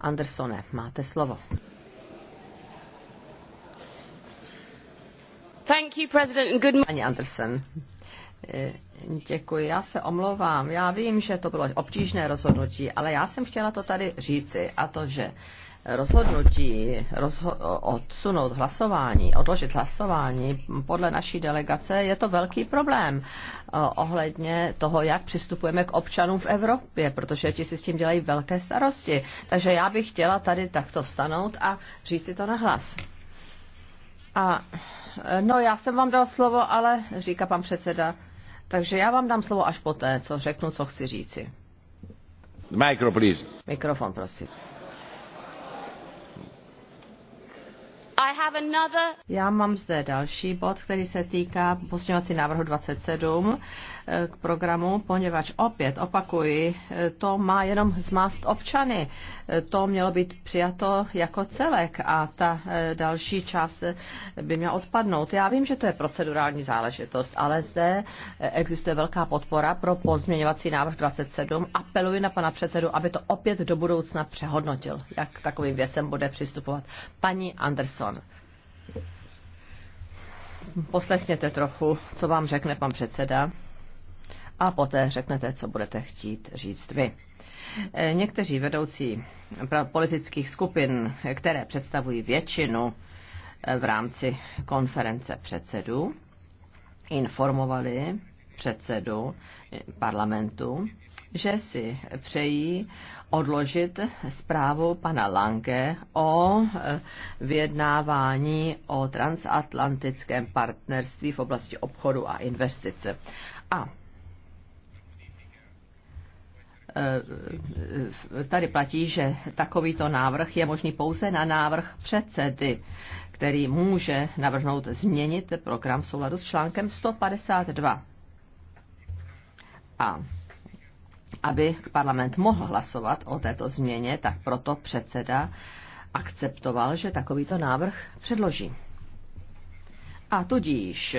Andersone, máte slovo. Thank you, President, and good morning. Anderson, eh, Děkuji, já se omlouvám. Já vím, že to bylo obtížné rozhodnutí, ale já jsem chtěla to tady říci a to, že rozhodnutí rozho- odsunout hlasování, odložit hlasování podle naší delegace je to velký problém eh, ohledně toho, jak přistupujeme k občanům v Evropě, protože ti si s tím dělají velké starosti. Takže já bych chtěla tady takto vstanout a říct si to na hlas. A eh, no, já jsem vám dal slovo, ale říká pan předseda, takže já vám dám slovo až poté, co řeknu, co chci říci. Micro, please. Mikrofon, prosím. Já mám zde další bod, který se týká posměvací návrhu 27 eh, k programu, poněvadž opět opakuji, eh, to má jenom zmást občany. Eh, to mělo být přijato jako celek a ta další část by měla odpadnout. Já vím, že to je procedurální záležitost, ale zde existuje velká podpora pro pozměňovací návrh 27. Apeluji na pana předsedu, aby to opět do budoucna přehodnotil, jak takovým věcem bude přistupovat. Paní Anderson. Simpson. Poslechněte trochu, co vám řekne pan předseda a poté řeknete, co budete chtít říct vy. Eh, někteří vedoucí politických skupin, které představují většinu eh, v rámci konference předsedů, informovali předsedu eh, parlamentu, že si přejí odložit zprávu pana Lange o e, vyjednávání o transatlantickém partnerství v oblasti obchodu a investice. A e, e, tady platí, že takovýto návrh je možný pouze na návrh předsedy, který může navrhnout změnit program v souladu s článkem 152. A aby parlament mohl hlasovat o této změně, tak proto předseda akceptoval, že takovýto návrh předloží. A tudíž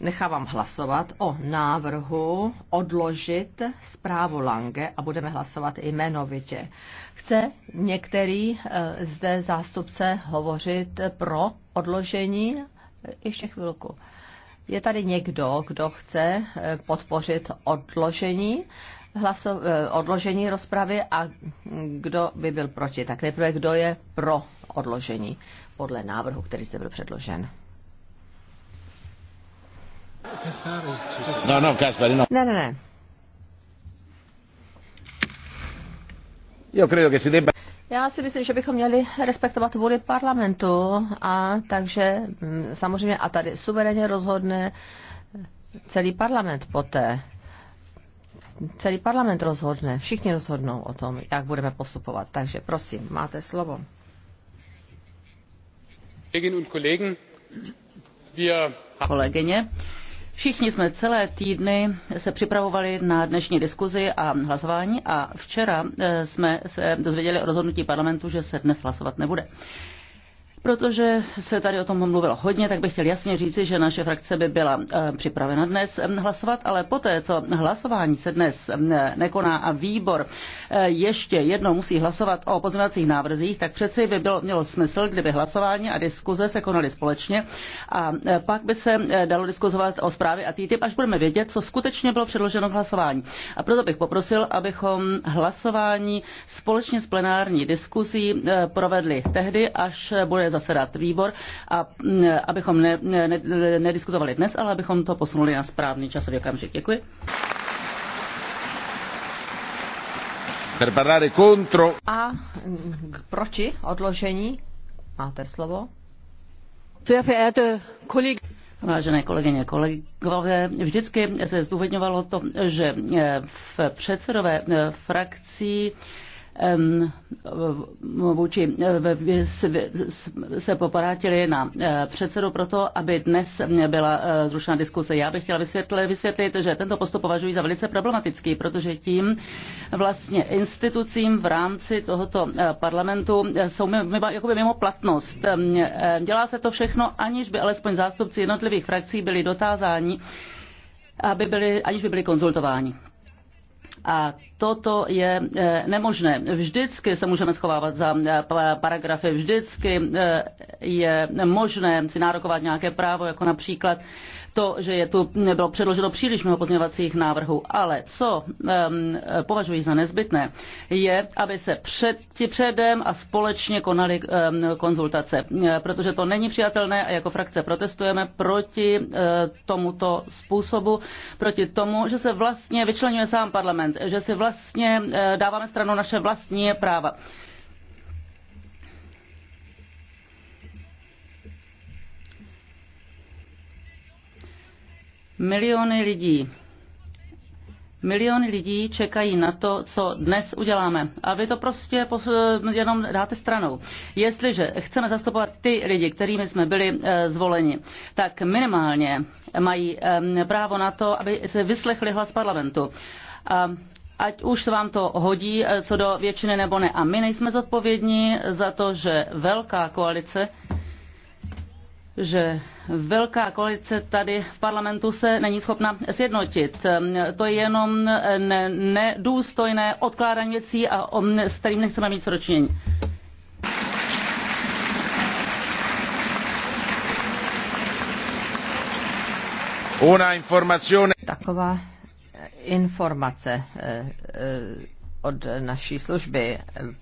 nechávám hlasovat o návrhu odložit zprávu Lange a budeme hlasovat i jmenovitě. Chce některý eh, zde zástupce hovořit pro odložení? Ještě chvilku. Je tady někdo, kdo chce eh, podpořit odložení? hlaso- eh, odložení rozpravy a kdo by byl proti. Tak nejprve, kdo je pro odložení podle návrhu, který zde byl předložen. No, no, Kaspari, no. Ne, ne, ne. Jo, credo che si debba... Já si myslím, že bychom měli respektovat vůli parlamentu a takže mm, samozřejmě a tady suverénně rozhodne celý parlament poté celý parlament rozhodne, všichni rozhodnou o tom, jak budeme postupovat. Takže prosím, máte slovo. Kolegyně, Všichni jsme celé týdny se připravovali na dnešní diskuzi a hlasování a včera eh, jsme se dozvěděli o rozhodnutí parlamentu, že se dnes hlasovat nebude. Protože se tady o tom mluvilo hodně, tak bych chtěl jasně říci, že naše frakce by byla eh, připravena dnes eh, hlasovat, ale poté, co hlasování se dnes eh, nekoná a výbor ještě jednou musí hlasovat o pozměňovacích návrzích, tak přeci by bylo, mělo smysl, kdyby hlasování a diskuze se konaly společně a pak by se dalo diskuzovat o zprávy a TTIP, až budeme vědět, co skutečně bylo předloženo k hlasování. A proto bych poprosil, abychom hlasování společně s plenární diskuzí provedli tehdy, až bude zasedat výbor a mm, abychom ne, ne, nediskutovali dnes, ale abychom to posunuli na správný časový okamžik. Děkuji. A k contro. A mm, proti odložení máte slovo. Vážené kolegyně, kolegové, vždycky se zdůvodňovalo to, že eh, v předsedové eh, frakcí vůči, se poporátili na eh, předsedu proto, aby dnes byla eh, zrušena diskuse. Já bych chtěla vysvětlit, vysvětlit, že tento postup považuji za velice problematický, protože tím vlastně institucím v rámci tohoto eh, parlamentu jsou mimo, by mimo platnost. Dělá se to všechno, aniž by alespoň zástupci jednotlivých frakcí byli dotázáni, aby byli, aniž by byli konzultováni. A toto je eh, nemožné. Vždycky se můžeme schovávat za eh, paragrafy, vždycky eh, je možné si nárokovat nějaké právo, jako například to, že je tu bylo předloženo příliš mnoho pozměňovacích návrhů, ale co um, považuji za nezbytné, je, aby se před, předem a společně konaly um, konzultace, protože to není přijatelné a jako frakce protestujeme proti uh, tomuto způsobu, proti tomu, že se vlastně vyčlenuje sám parlament, že si vlastně uh, dáváme stranou naše vlastní práva. Uh, Miliony lidí Miliony lidí čekají na to, co dnes uděláme. A vy to prostě jenom dáte stranou. Jestliže chceme zastupovat ty lidi, kterými jsme byli eh, zvoleni, tak minimálně mají právo na to, aby se vyslechli hlas parlamentu. A ať už se vám to hodí, eh, co do většiny nebo ne. A my nejsme zodpovědní za to, že velká koalice že velká koalice tady v parlamentu se není schopna sjednotit. To je jenom nedůstojné odkládání věcí a s kterým nechceme mít sročnění. Una informazione. Taková informace eh, eh, od naší služby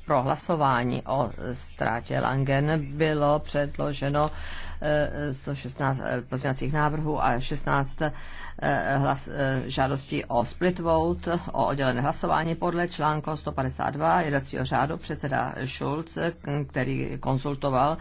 pro hlasování o ztrátě Langen bylo předloženo 116 eh, eh, pozměňovacích návrhů a 16 eh, hlas, žádostí o split vote, o oddělené hlasování podle článku 152 jednacího řádu předseda Schulz, který konsultoval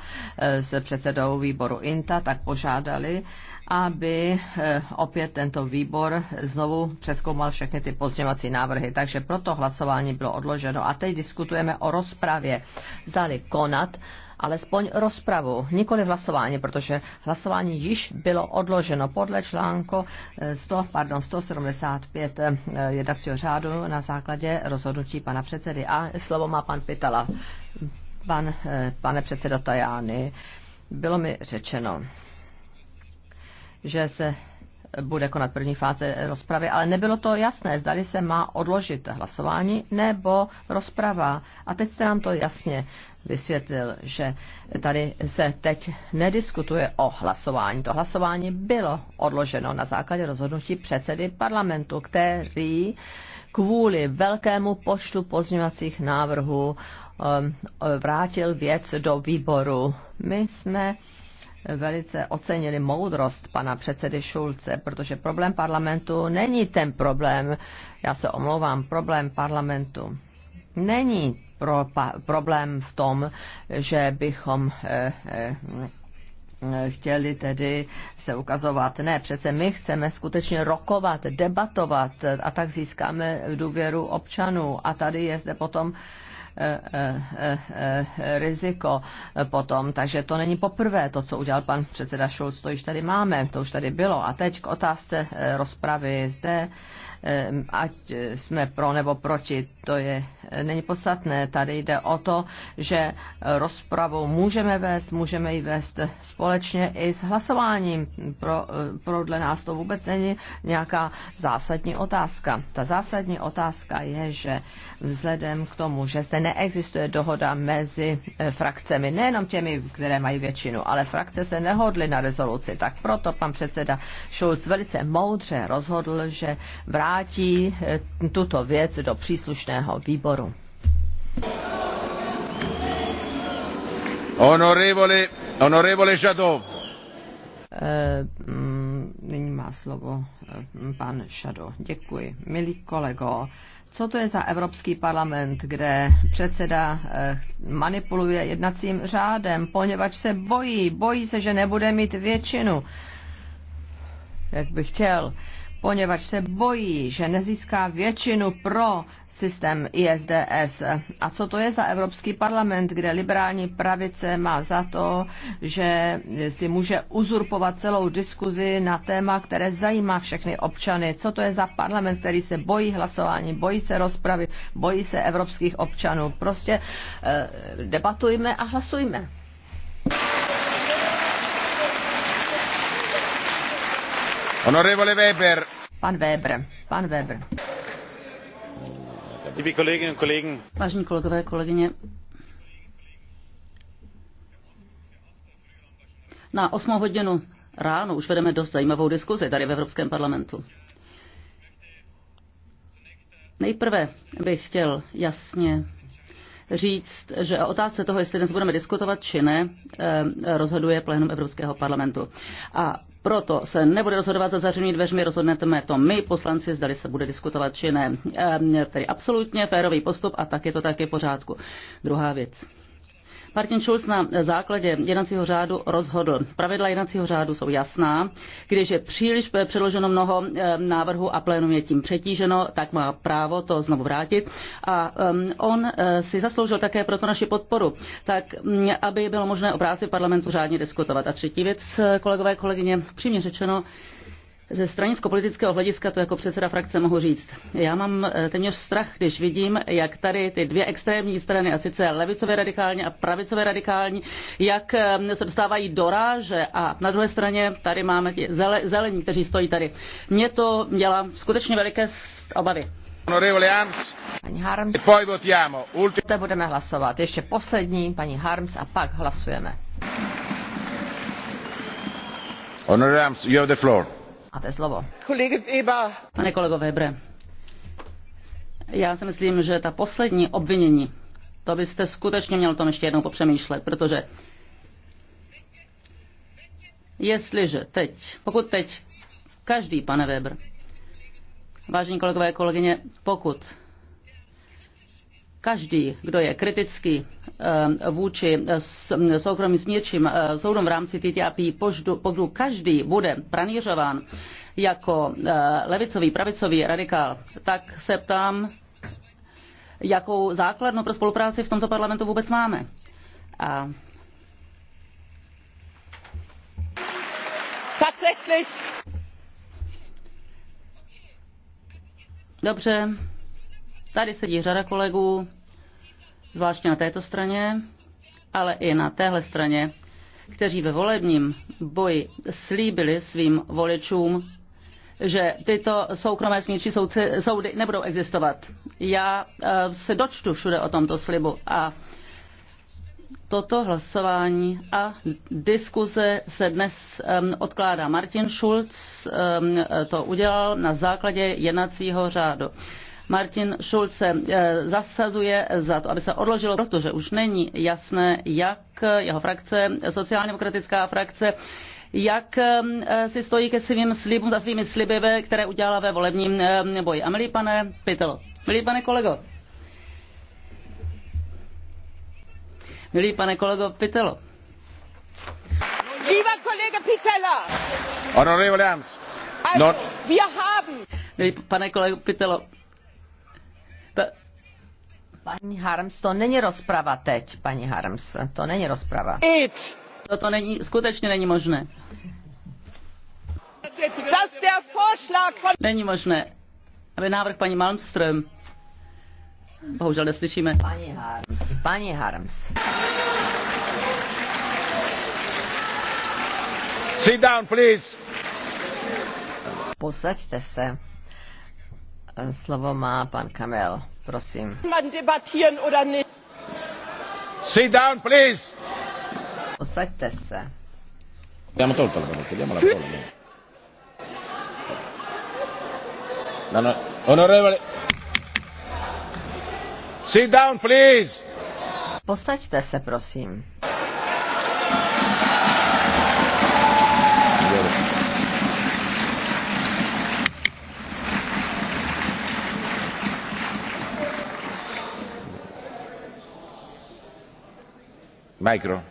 se předsedou výboru INTA, tak požádali, aby eh, opět tento výbor znovu přeskoumal všechny ty pozměňovací návrhy. Takže proto hlasování bylo odloženo. A teď diskutujeme o rozpravě. Zdali konat alespoň rozpravu, nikoli hlasování, protože hlasování již bylo odloženo podle článku 100, eh, pardon, 175 eh, jednacího řádu na základě rozhodnutí pana předsedy. A slovo má pan Pitala. Pan, pane předsedo Tajány, bylo mi řečeno, že se bude konat první fáze rozpravy, ale nebylo to jasné, zdali se má odložit hlasování nebo rozprava. A teď jste nám to jasně vysvětlil, že tady se teď nediskutuje o hlasování. To hlasování bylo odloženo na základě rozhodnutí předsedy parlamentu, který kvůli velkému počtu pozměňovacích návrhů um, vrátil věc do výboru. My jsme velice ocenili moudrost pana předsedy Šulce, protože problém parlamentu není ten problém, já se omlouvám, problém parlamentu není pro, pa, problém v tom, že bychom eh, eh, chtěli tedy se ukazovat. Ne, přece my chceme skutečně rokovat, debatovat a tak získáme důvěru občanů. A tady je zde potom eh, E, e, e, riziko potom. Takže to není poprvé, to, co udělal pan předseda Schulz, to již tady máme, to už tady bylo. A teď k otázce rozpravy zde ať jsme pro nebo proti, to je není podstatné. Tady jde o to, že rozpravu můžeme vést, můžeme ji vést společně i s hlasováním. Pro, pro dle nás to vůbec není nějaká zásadní otázka. Ta zásadní otázka je, že vzhledem k tomu, že zde neexistuje dohoda mezi eh, frakcemi, nejenom těmi, které mají většinu, ale frakce se nehodly na rezoluci. Tak proto pan předseda Schulz velice moudře rozhodl, že vrátí eh, tuto věc do příslušného výboru. Honorevole, honorevole Jadot. Eh, slovo eh, pan Šado. Děkuji. Milí kolego, co to je za Evropský parlament, kde předseda eh, manipuluje jednacím řádem, poněvadž se bojí, bojí se, že nebude mít většinu, jak by chtěl poněvadž se bojí, že nezíská většinu pro systém ISDS. A co to je za Evropský parlament, kde liberální pravice má za to, že si může uzurpovat celou diskuzi na téma, které zajímá všechny občany. Co to je za parlament, který se bojí hlasování, bojí se rozpravy, bojí se evropských občanů. Prostě eh, debatujme a hlasujme. Honorable Weber. Pan Weber. Pan Weber. Liebe kolegyně und Vážení kolegové, kolegyně. Na 8 hodinu ráno už vedeme dost zajímavou diskuzi tady v Evropském parlamentu. Nejprve bych chtěl jasně říct, že o otázce toho, jestli dnes budeme diskutovat či ne, eh, rozhoduje plénum Evropského parlamentu. A proto se nebude rozhodovat za zařenými dveřmi, rozhodneme to my, poslanci, zdali se bude diskutovat či ne. Eh, tedy absolutně férový postup a tak je to také pořádku. Druhá věc. Martin Schulz na základě jednacího řádu rozhodl. Pravidla jednacího řádu jsou jasná. Když je příliš předloženo mnoho eh, návrhů a plénum je tím přetíženo, tak má právo to znovu vrátit. A eh, on eh, si zasloužil také proto naši podporu, tak mm, aby bylo možné o práci parlamentu řádně diskutovat. A třetí věc, kolegové, kolegyně, přímě řečeno, ze stranicko-politického hlediska to jako předseda frakce mohu říct. Já mám eh, téměř strach, když vidím, jak tady ty dvě extrémní strany, a sice levicové radikální a pravicové radikální, jak eh, se dostávají do ráže a na druhé straně tady máme ty zelení, kteří stojí tady. Mě to dělá skutečně veliké obavy. Paní Harms. E Poté budeme hlasovat. Ještě poslední, paní Harms, a pak hlasujeme. Honorable Harms, you have the floor. Máte slovo. Pane kolego Webre, já si myslím, že ta poslední obvinění, to byste skutečně měl tom ještě jednou popřemýšlet, protože jestliže teď, pokud teď každý, pane Weber, vážení kolegové a kolegyně, pokud každý, kdo je kritický eh, vůči soukromým smírčím eh, soudům v rámci TTIP, pokud každý bude pranířován jako eh, levicový, pravicový radikál, tak se ptám, jakou základnu pro spolupráci v tomto parlamentu vůbec máme. A Dobře, Tady sedí řada kolegů, zvláště na této straně, ale i na téhle straně, kteří ve volebním boji slíbili svým voličům, že tyto soukromé soudci, soudy nebudou existovat. Já eh, se dočtu všude o tomto slibu a toto hlasování a diskuze se dnes um, odkládá. Martin Schulz um, to udělal na základě jednacího řádu. Martin se eh, zasazuje za to, aby se odložilo, protože už není jasné, jak jeho frakce, sociálně demokratická frakce, jak eh, si stojí ke svým slibům, za svými sliby, které udělala ve volebním eh, boji. A milý pane Pytel, milý pane kolego, milý pane kolego Pytel, Lieber Kollege Pitella! Honorable Ernst! No. Wir haben. Pane kolego Pitelo, P- paní Harms, to není rozprava teď, paní Harms, to není rozprava. It. To, to není, skutečně není možné. Není možné, aby návrh paní Malmström. Bohužel neslyšíme. Paní Harms, paní Harms. Sit down, please. Posaďte se. Slovo má pan Kamel, prosím. Man debatieren oder nicht? Sit down, please. Usaďte se. Dáme to, dáme, to, jdeme to. Honorable. Sit down, please. Posaďte se, prosím. Micro.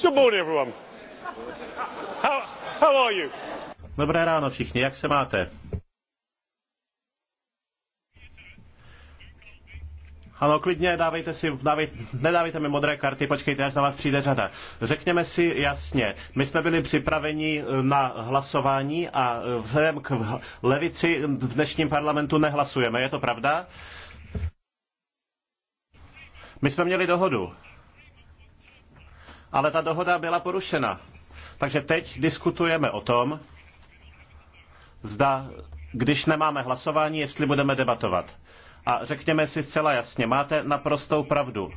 Good morning, everyone. How, how are you? Dobré ráno všichni, jak se máte? Ano, klidně, dávejte si, dávej, nedávejte mi modré karty, počkejte, až na vás přijde řada. Řekněme si jasně, my jsme byli připraveni na hlasování a vzhledem k levici v dnešním parlamentu nehlasujeme, je to pravda? Uh, my jsme měli dohodu, ale ta dohoda byla porušena. Takže teď diskutujeme o tom, zda, když nemáme hlasování, jestli budeme debatovat. A řekněme si zcela jasně, máte naprostou pravdu.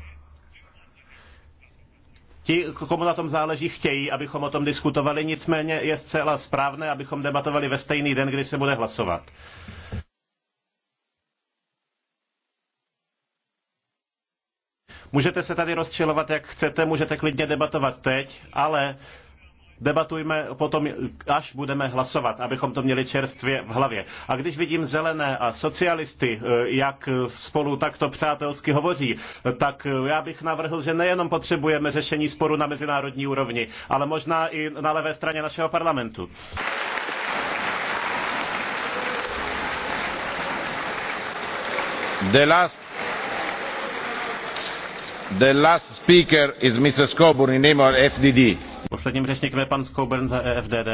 Ti, komu na tom záleží, chtějí, abychom o tom diskutovali, nicméně je zcela správné, abychom debatovali ve stejný den, kdy se bude hlasovat. Můžete se tady rozčilovat, jak chcete, můžete klidně debatovat teď, ale debatujme potom, až budeme hlasovat, abychom to měli čerstvě v hlavě. A když vidím zelené a socialisty, eh, jak spolu takto přátelsky hovoří, tak eh, já bych navrhl, že nejenom potřebujeme řešení sporu na mezinárodní úrovni, ale možná i na levé straně našeho parlamentu. The last The last speaker is Mr. in name of FDD. Posledním řečníkem je pan coburn za EFDD.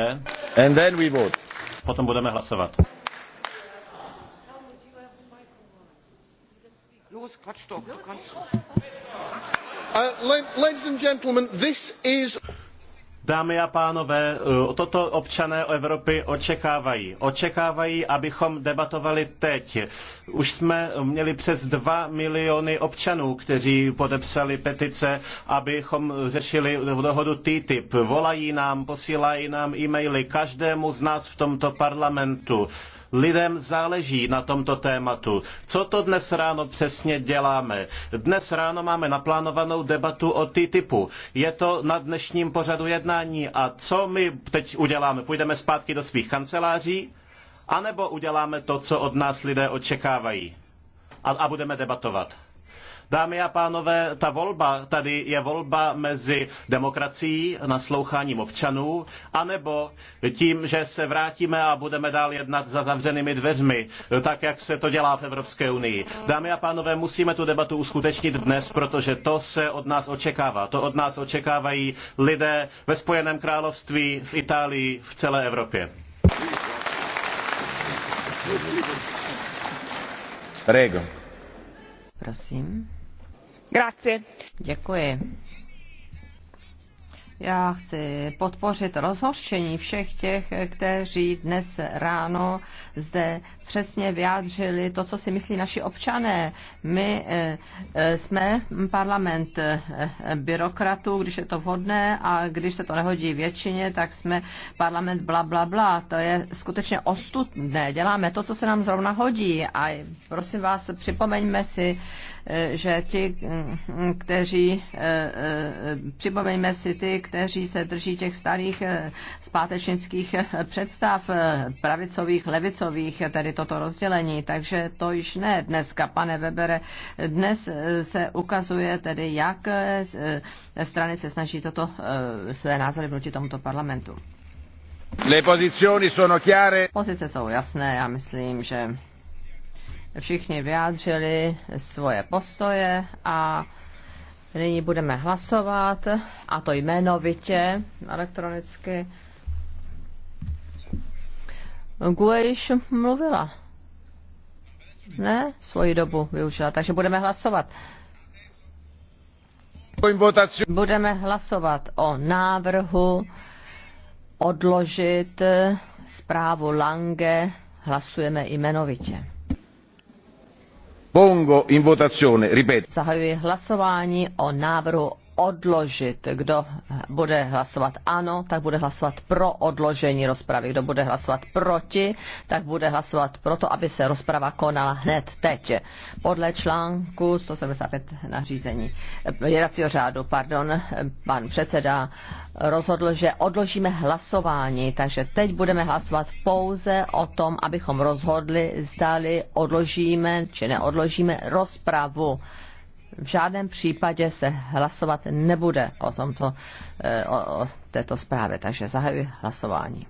And then we vote. Potom budeme hlasovat. Uh, ladies and gentlemen, this is... Dámy a pánové, eh, toto občané Evropy očekávají. Očekávají, abychom debatovali teď. Už jsme měli přes dva miliony občanů, kteří podepsali petice, abychom řešili dohodu TTIP. Volají nám, posílají nám e-maily každému z nás v tomto parlamentu. Lidem záleží na tomto tématu. Co to dnes ráno přesně děláme? Dnes ráno máme naplánovanou debatu o TTIPu. Je to na dnešním pořadu jednání. A co my teď uděláme? Půjdeme zpátky do svých kanceláří? anebo uděláme to, co od nás lidé očekávají a, a budeme debatovat. Dámy a pánové, ta volba tady je volba mezi demokracií, nasloucháním občanů, anebo tím, že se vrátíme a budeme dál jednat za zavřenými dveřmi, tak jak se to dělá v Evropské unii. Dámy a pánové, musíme tu debatu uskutečnit dnes, protože to se od nás očekává. To od nás očekávají lidé ve Spojeném království, v Itálii, v celé Evropě. Prego. Prosím. Děkuji. Já chci podpořit rozhořčení všech těch, kteří dnes ráno zde přesně vyjádřili to, co si myslí naši občané. My eh, eh, jsme parlament eh, byrokratů, když je to vhodné a když se to nehodí většině, tak jsme parlament bla, bla, bla. To je skutečně ostudné. Děláme to, co se nám zrovna hodí a prosím vás, připomeňme si, Eh, že ti, mm, kteří, eh, eh, připomeňme si ty, kteří se drží těch starých zpátečnických představ, pravicových, levicových, tedy toto rozdělení, takže to již ne dneska, pane Webere. Dnes se ukazuje tedy, jak strany se snaží toto své názory proti tomuto parlamentu. Le pozice jsou jasné, já myslím, že všichni vyjádřili svoje postoje a nyní budeme hlasovat, a to jmenovitě elektronicky. Gue mluvila. Ne, svoji dobu využila, takže budeme hlasovat. Budeme hlasovat o návrhu odložit zprávu Lange. Hlasujeme jmenovitě. Pongo in votazione, ripeto. Zahajuji hlasování o návrhu odložit. Kdo bude hlasovat ano, tak bude hlasovat pro odložení rozpravy. Kdo bude hlasovat proti, tak bude hlasovat pro to, aby se rozprava konala hned teď. Podle článku 175 nařízení jednacího řádu, pardon, pan předseda rozhodl, že odložíme hlasování, takže teď budeme hlasovat pouze o tom, abychom rozhodli, zdali odložíme či neodložíme rozpravu v žádném případě se hlasovat nebude o, tomto, eh, o, o této zprávě, takže zahajuji hlasování.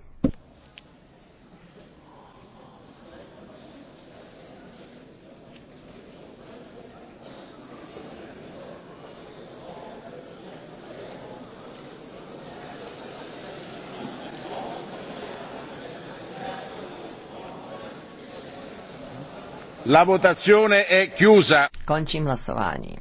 La votazione è chiusa. Končím hlasování.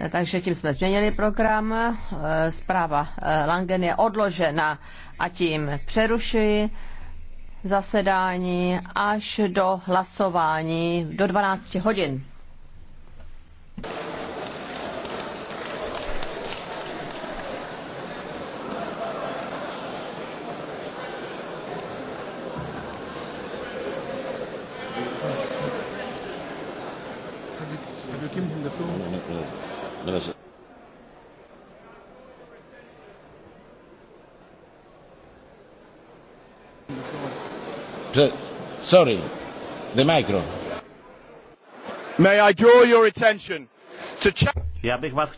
Eh, takže tím jsme změnili program. Eh, zpráva eh, Langen je odložena a tím přerušuji zasedání až do hlasování do 12 hodin. Sorry, the micro. May I draw your attention to... Já bych vás chtěl